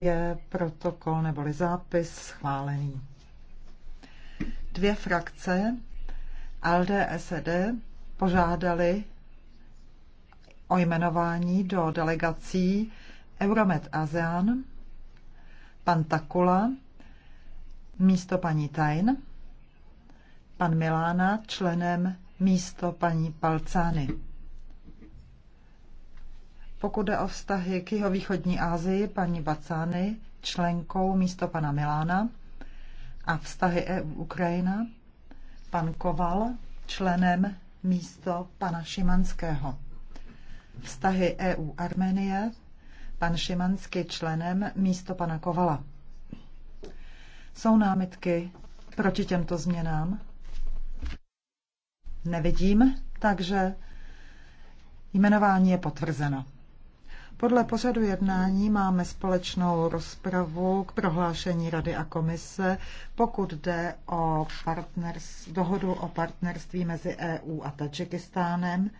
je protokol neboli zápis schválený. Dvě frakce, ALDE SED, požádali o jmenování do delegací Euromed ASEAN, pan Takula, místo paní Tajn, pan Milána, členem místo paní Palcány. Pokud jde o vztahy k jeho východní Ázii, paní Bacány, členkou místo pana Milána, a vztahy EU-Ukrajina, pan Koval, členem místo pana Šimanského. Vztahy eu Arménie, pan Šimanský členem místo pana Kovala. Jsou námitky proti těmto změnám? Nevidím, takže jmenování je potvrzeno. Podle pořadu jednání máme společnou rozpravu k prohlášení Rady a komise, pokud jde o dohodu o partnerství mezi EU a Tadžikistánem.